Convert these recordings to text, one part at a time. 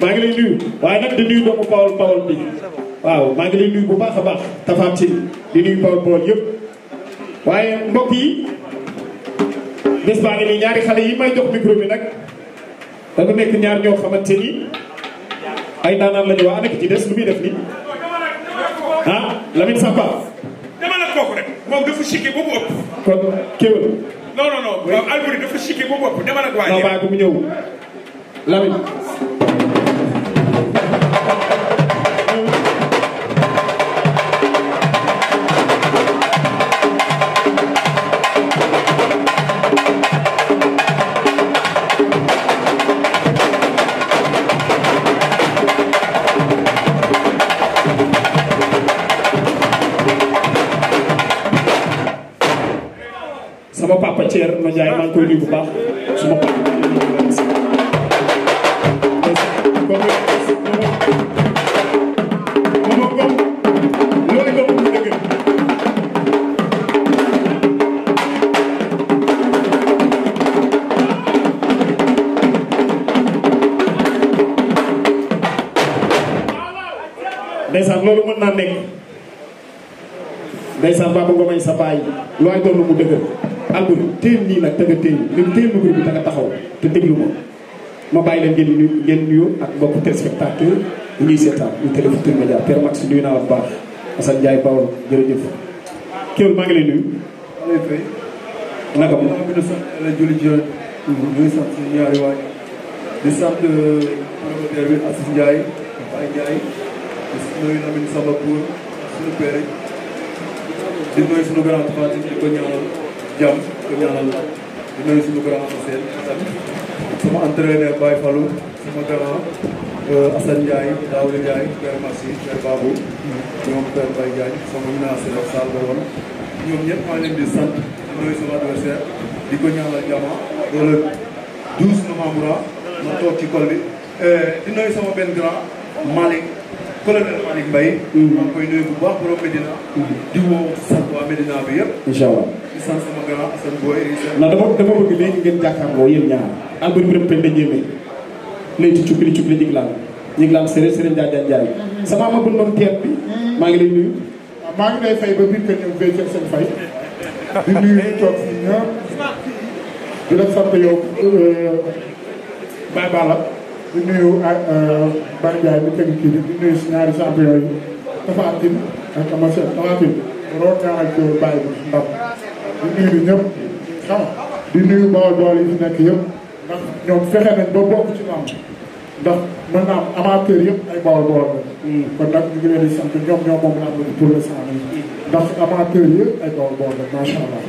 maa ngi lay nuyu waaye nag di nuyu doomu Pawal Pawal bi waaw maa ngi lay nuyu bu baax a baax tafaati di nuyu Pawal Pawal yëpp. waaye mbokk yi bés baa ngi nii ñaari xale yi may jox micro nag dafa nekk ñaar ñoo xamante ni ay daanaan la ñu wax nekk ci des lu muy def nii ah Lamine Samba. dama la rek moom dafa chiqué ba bu mu ñëw Lamine. sama papa Thierno Ndiaye maa ngi koy nuyu bu baax sama papa ndeysaan loolu mën naa nekk ndeysaan baba nga may sa baay lu ay doon lu mu dëgër alburi téen nii nag te nga téen lim téen lu bi te taxaw te déglu ma ma bàyyi leen ngeen nuyu ngeen nuyoo ak mbokku téléspectateur bu ñuy seetaan ñu Télé Futurs Médias Père Max nuyu naa la bu baax Assane Ndiaye Bawol jërëjëf Kéwel maa ngi lay nuyu lay fay naka mu gën a sant la julli ci yoon ñuy sant suñu ñaari waay di sant euh, promoteur bi Assis Ndiaye Baye Ndiaye nuyu Lamine Samba Pour suñu père yi di nuyu suñu grand Fatim di ko ñaanal jàmm ko ñaanal di nuyu suñu grand Assel sama entraîneur Baye Fallou sama grand euh, Assane Ndiaye Daouda Ndiaye père Massi père Babou ñoom père Baye Diagne sama menacé la ba woon ñoom ñëpp maa leen di sant di nuyu sama adversaire di ko ñaanal jàmm ba le 12 novembre ma toog ci kol bi euh, di nuyu sama benn grand Malick colonel Malick Mbaye. Mm. maa ngi koy nuyu bu baax borom Medina. Mm. di woo sant waa Medina bi yëpp. incha allah di sant sama dama dama bëgg léegi ngeen jàkkaarloo yéen ñaar. Alboury Birame Penda Ndiémé. léegi cukkili cukkili ñu ngi laal ñu ngi laal Serigne Serigne Ndiaye mm-hmm. sama ma bu noonu teet bi. Mm-hmm. maa ngi lay nuyu. Ah, maa ngi lay fay ba biir kër ñëw béykat seen fay. di nuyu ñu toog fii ñëpp. la di nuyu ak euh, Baye Ndiaye mi teg di nuyu si ñaari champion yi Tapha Tine ak Ama Sène Tapha Tine ak bàyyi bi ndam di nuyu ñëpp xam yi nekk yëpp ndax ñoom fexe nañ ba bokk ci lamb ndax mën am amateur yëpp ay Bawol Bawol la mm. kon nag ñu ngi leen di sant ñoom moom lamb bi pour le sang mm. ndax amateur yëpp ay Bawol Bawol la macha allah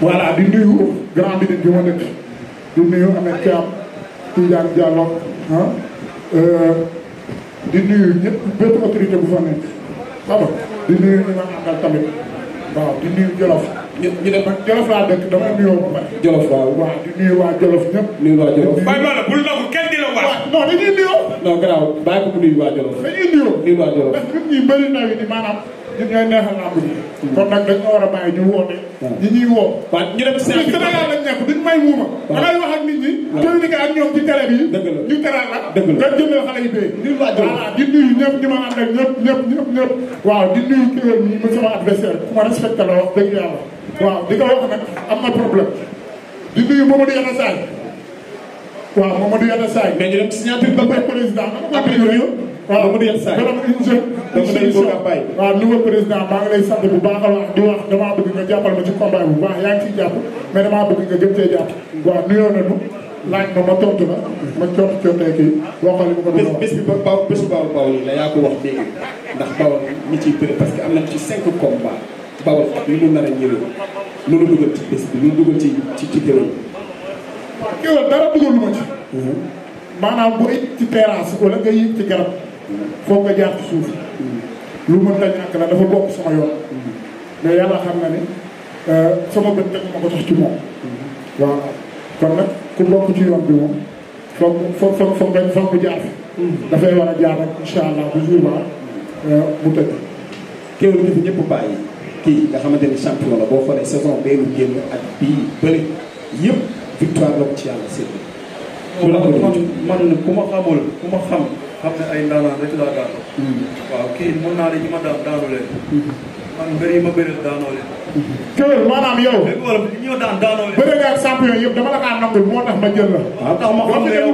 voilà di nuyu grand bi di ma dëkk Tidiane Diallo ah euh, di nuyu ñëpp bépp autorité bu fa nekk xam nga di di nuyu Jolof. ñu ñu Jolof laa dëkk dama nuyoo Jolof waaw waaw di nuyu waa Jolof ñëpp. nuyu waa Jolof bàyyi ma la bul nangu di la wax. non dañuy nuyoo. non garaaw bàyyi ko mu waa Jolof. dañuy nuyoo nuyu waa Jolof. parce que nit ñi wi ni maanaam. ñun ñooy neexal làmb ji. kon nag dañ ko war a bàyyi ñu woote. ñi ñuy woo. waaw ñu dem Sénégal lañ nekk duñ may muuma. waaw damay wax ak nit ñi. communiquer ak ñoom ci télé bi. dëgg la ñu teral la. dëgg la nga jëmee xale yi bee. ñu laaj voilà di nuyu ñëpp ñu ma ànd ak ñëpp ñëpp ñëpp ñëpp. waaw di nuyu kiiwam yi ma sama adversaire ma respecté la wax dëgg yàlla. waaw di ko wax nag am na problème. di nuyu Mamadou Yana Sall waaw Mamadou Yada Saay. mais ñu dem signature campagne président am ak yooyu. waaw Mamadou Yada Saay maanaam une jeune. une jeune waaw nouveau président maa ngi lay sant bu baax a wax di wax damaa bëgg nga jàppal ma ci combat bu baax yaa ngi ciy jàpp mais damaa bëgg nga gën cee jàpp. waaw nuyoo na nu laaj ma ma tontu la ma cootu cootee kii waxal li ma ko wax. bés bés bi ba Baw bésu Baw Baw la yaa ko wax léegi ndax Bawal ñi ciy bëri parce que am na ci cinq combats Bawal ak li mu nar a ñëwee loolu ci bés bi loolu dugal ci ci ci kéwél dara dugal ma ci. Mhm. maanaam bu it ci terrasse wala nga yëg ci garab. foog nga jaar ci suuf. Mhm. lu mënta ñàkk la dafa bokk sama yoon. Mhm. mais yàlla xam na ne euh, sama bët teg ma ko tax ci moom. waaw kon nag ku yoon bi moom foog foog foog foog dafay war a jaar rek incha allah bu ba euh, kii nga xamante ni champion la boo xoolee saison bee lu génn ak bii bëri yëpp. victoire la ci yàlla sédd. bu la ko man man ku ma xamul ku ma xam xam ne ay ndaanaan rek laa daanu. Hmm. waaw kii mën naa ne ñi ma daan daanu leen. Hmm. man mbir yi ma bëri daanoo leen. Hmm. kër maanaam yow. dëgg la ñoo daan daanoo leen. bëri nga ak champion yëpp dama la kaa nangul moo tax ma jël la. waaw tax ma xam ne yow.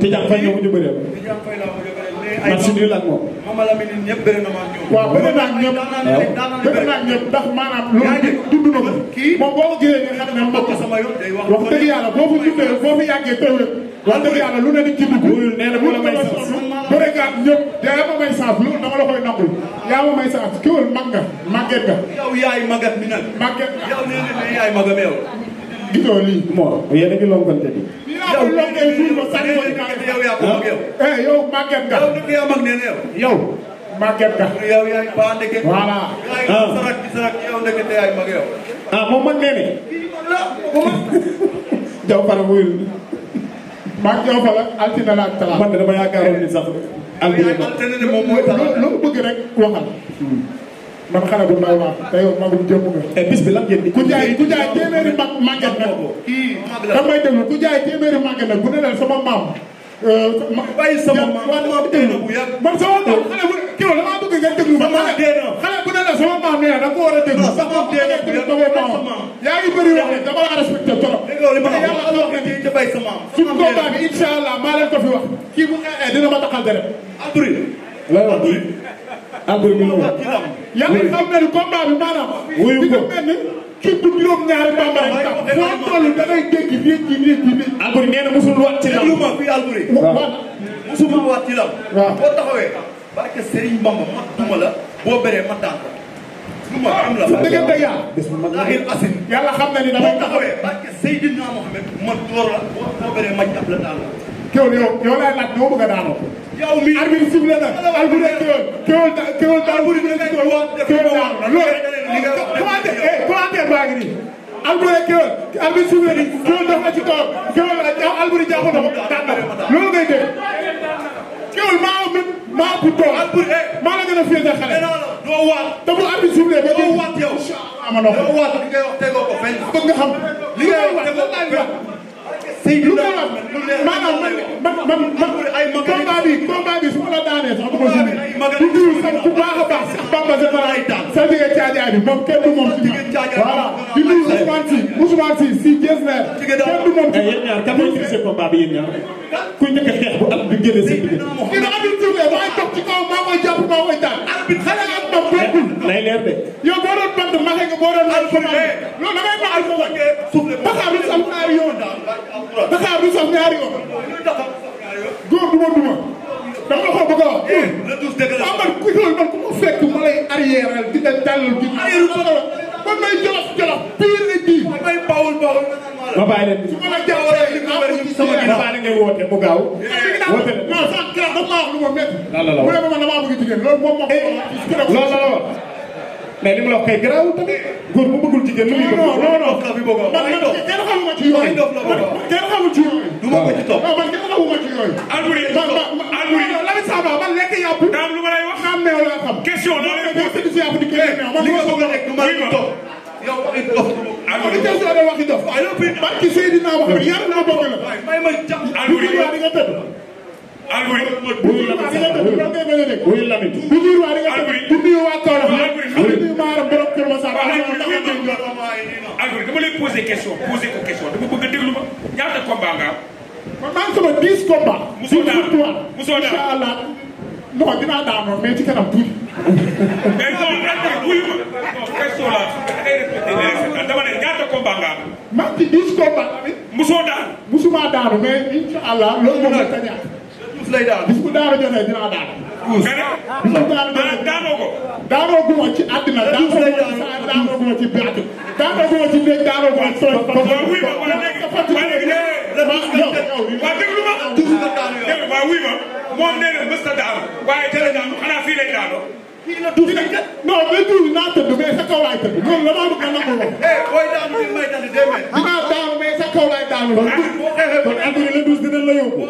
Tidiane Faye ñoo ko ñu bëree. Tidiane Faye laa ko ay match nul ak moom. Mama Lamine ñun ñëpp bëri na ma ak ñoom. waaw bëri na ak ñëpp waaw bëri na ak ñëpp ndax maanaam. yaa ngi tudd na ko kii moom boo ko jëlee nga xam ne am na ko sama yoon day wax. wax dëgg yàlla boo ko tuddee boo ko yàggee teew rek. wax dëgg yàlla lu ne di ci dugg. nee na bu la may saaf bëri nga ak ñëpp yaa ma may saaf loolu dama la koy nangul. yaa ma may saaf kii woon mag nga màgget nga. yow yaay magat mi nag. màgget nga yow nee na yaay magam yow. gisoo lii moo yéen a ngi lonkante di yow lonkee suur ba sànni yaa ko mag yow. eh yow màgget nga. yow dëgg yaa mag nga. yow yaay mag yow. Ah, jaw fara muy maa jaw fara altine la ak man de dama yaakaaroon ni sax. altine la altine la rek waxal. man xanaa bu ndaw laa te yow magum jëmm nga. Eh, bis bi lan ngeen ku jaay ku jaay téeméeri mag màgget nag. damay déglu ku jaay téeméeri màgget nag bu ne sama maam. bàyyi sama maam dee na bu yàgg moom sama maam xale bu kilo damaa bëgg nga déglu ma maam dee na xale bu ne la sama maam nee na da ko war a déglu sama maam dee na bu yàgg yaa ngi bëri wax dama la respecté trop yàlla wax na ci bàyyi sama maam suñu combat bi incha allah maa leen ko fi wax kii bu xeexee dina ma taxal dara abri la wax abri mi la wax yàlla xam na ni combat bi maanaam wuyu ko ci juróom ñaari bambara yi tam foo toll da ngay dégg fii ci biir ci biir. Alboury nee na musul waat ci lam. déglu ma fii Alboury. waaw musul waat ci lam. waaw boo taxawee. barke Serigne Bamba ma duma la boo bëree ma daan ko. du ma am la. waaw dëgg la yàlla. bisimilah asin. yàlla xam na ni damay taxawee. barke Seydina Mohamed ma door la boo bëree ma jàpp la daan la. Kewel yow yow laay laaj doo bëgg a daanoo. yow mii arbitre sifflé na. Alboury Kewel Kewel Kewel Alboury Kewel Kewel daanu loolu. li nga wax commentaire eh commentaire baa ngi nii. Alboury Kewel Alboury Soumé di Kewel def na ci kaw Kewel Alboury jàpp na ko daan na loolu ngay dégg. Kewel maa maa ko toog Alboury eh. maa la gën a féete xale. Eh, doo waat te bu Alboury Soumé ba doo waat yow. am na ko doo waat li ngay wax tegoo ko fenn. bëgg nga xam li ngay wax tegoo ko fenn. lu ko waral maanaam man man man combat bi combat bi su ma la daanee sax ma ko suñu. di nuyu sax bu baax a baax sax Bamba Général. sa jigéen caajaay bi moom kenn du moom ci voilà di nuyu Ousmane Sy Ousmane Sy si Dieng Mer kenn du moom ci. Eh, yéen ñaar kan mooy dirigé combat bi yéen ñaar ku njëkk a xeex bu at bi génne seen diggante. dina amul tuuti waaye toog ci kaw maa koy jàpp maa koy daan. xale ak moom eh, bokkul. nay leer de. yow boo doon bant maxe nga boo doon alphabet loolu da ngay ma alphabet. suuf de Dakar du sax ñaari yoon. góor du ma duma. dama la ko bëgg a wax. Eh, la douze dëgg la man ku ñëw man ku ma fekk ma lay arrière di la dalal di. arrière ko la man may jolof jolof pire la ji. may bawul bawul. ma bàyyi leen su ma la jàppalee li ma bëri sama gis baa ngay woote mu gaaw. woote non sax keroog dafa ma wax lu ma métti. lan la la wax mu ne ma man damaa bëgg jigéen loolu moom moo ko. Eh. loolu la la wax. mais li mu la wax kay garaaw tamit góor bu bëggul jigéen lu muy bëgg. non non non kàddu boobu ah. waaye dof kenn xamu ma ci yooyu kenn xamu ci yooyu. du ma ko ci topp. non man kenn xamu ma ci yooyu. Alboury Alboury Lamine Samba man lekk yàpp. daam lu ma lay wax. naam meew laa xam. question la lay posé. li nga bëgg rek du ma la topp. yow waxi dof. Alboury yow question la waxi dof. waaw yow bi barki Seydina Mohamed yàlla na ma bëgg la. may ma jàpp Alboury di nga tëdd. Albury buy Lamine buy Lamine. Albury di nuyu waa Kaolack la a déglu ma man maa ngi sama ma da ngay respecté les daan musuma daanu allah loolu moom la Ah. Ah, bis lay daal bis bu daara jotee dinaa daal. nga ne maanaam daanoo ko. daanoo gu ma ci àddina. daanoo gu ma ci baatu. daanoo gu ma ci néeg daanoo gu ma ci tool. waaw wuy ma wala léegi waa léegi de. waaw déglu ma. déglu ma wuy ma. moom nee na mës na daanu. waaye teel a daanu xanaa fii lay daanoo. fii la tuuti nag non mais tuuti naa tëdd mais sa kaw laay tëdd. loolu la maa bëgg a nangu ko. Eh, booy daanu may tëdd daanu. kon kon adduna le douze dinañ la yóbbu.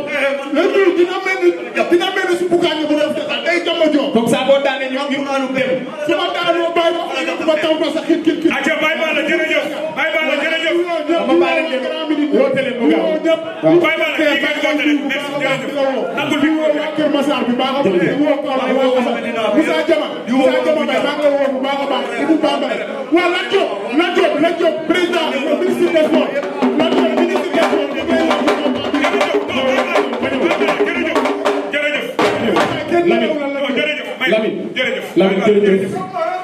le douze dina mel dina mel ni su bugaange bu doon fekkal day jàmm a jox. donc saa boo daanee ñoom ñu aanu dem. su ma daanoo bàyyi ma xale ma taw ma sax kit kit kit. ayca bàyyi ba la jërëjëf. bàyyi ba la jërëjëf. ma baale leen woote leen mu gaaw. bàyyi ba la kii ngeen woote leen merci jërëjëf. nangul bi woo waa Kër Massar bi baax a baax. di woo Kaolack di woo Kaolack. Moussa Diama Moussa Diama Mbaye maa ngi lay woo bu baax a baax. di bu baax a baax. waa Lat Diop Lat Diop Lat Diop jërëjëf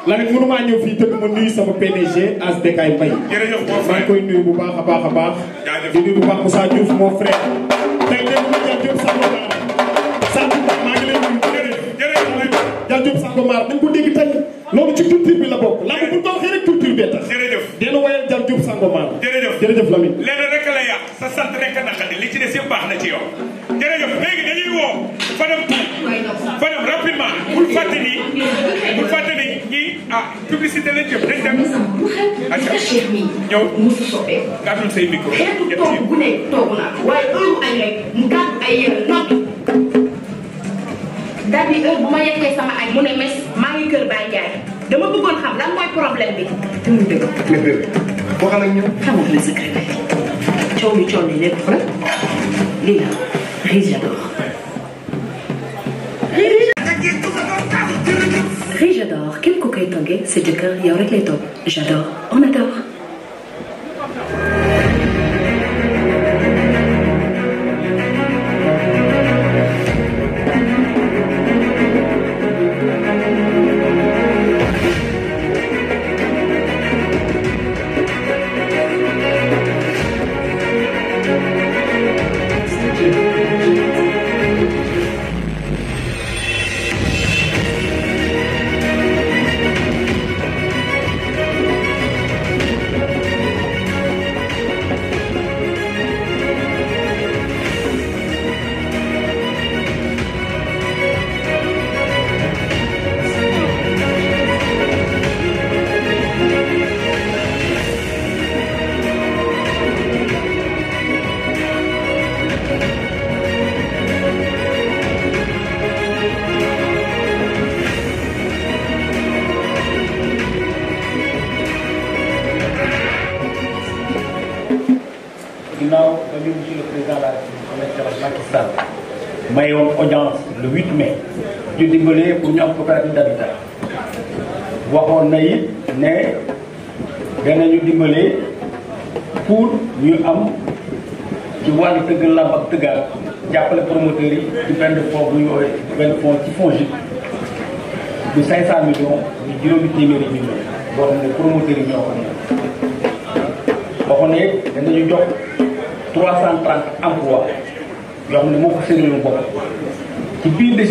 Lamine mënu maa ñëw fii tëgg ma nuyu sama PDG As Dekay Mbaye. jërëjëf koy nuyu bu baax a baax baax. di nuyu baax Moussa Diouf mon frère. tey tey bu ma Dia Diop Samba Mar. Samba Mar maa ngi lay nuyu jërëjëf jërëjëf. dañ ko dégg tey loolu ci culture bi la bokk. la bu ñu ko waxee rek culture bee tax. jërëjëf dina wayal Dia Diop sa sant rek a naqari li ci des yëpp baax na ci yow. rapidement bul fàtte ni bul fàtte ni ñii ah publicité lañ jëm dañ dem. acca ñëw gàddul say micro. ñëpp toog bu ne toog naa waaye heure añ rek mu gàddu ay yére noppi. daal di heure bu ma yekkee sama añ mu ne mes maa ngi kër Baye Ndiaye dama bëggoon xam lan mooy problème bi. déglu dëgg. dégg dëgg waxal ak ñoom. xamoon na secret bi coow mi coow mi lépp la lii la riz j'adore. toggee sa jëkkër yow rek lay togg may woon audience le 8 mai ñu dimbalee pour ñu am coopérative d'habitat waxoon na it ne danañu dimbalee pour ñu am ci wàllu tëgg làmb ak tëggaat jàppale promoteurs yi ci benn fonds bu ñu woowee benn fonds ci fonds ji du 500 millions ñu juróomi téeméeri millions boo xam ne promoteurs yi ñoo ko moom waxoon na it danañu jox 330 emplois yoo xam ne moo ko seenalu bopp ci biir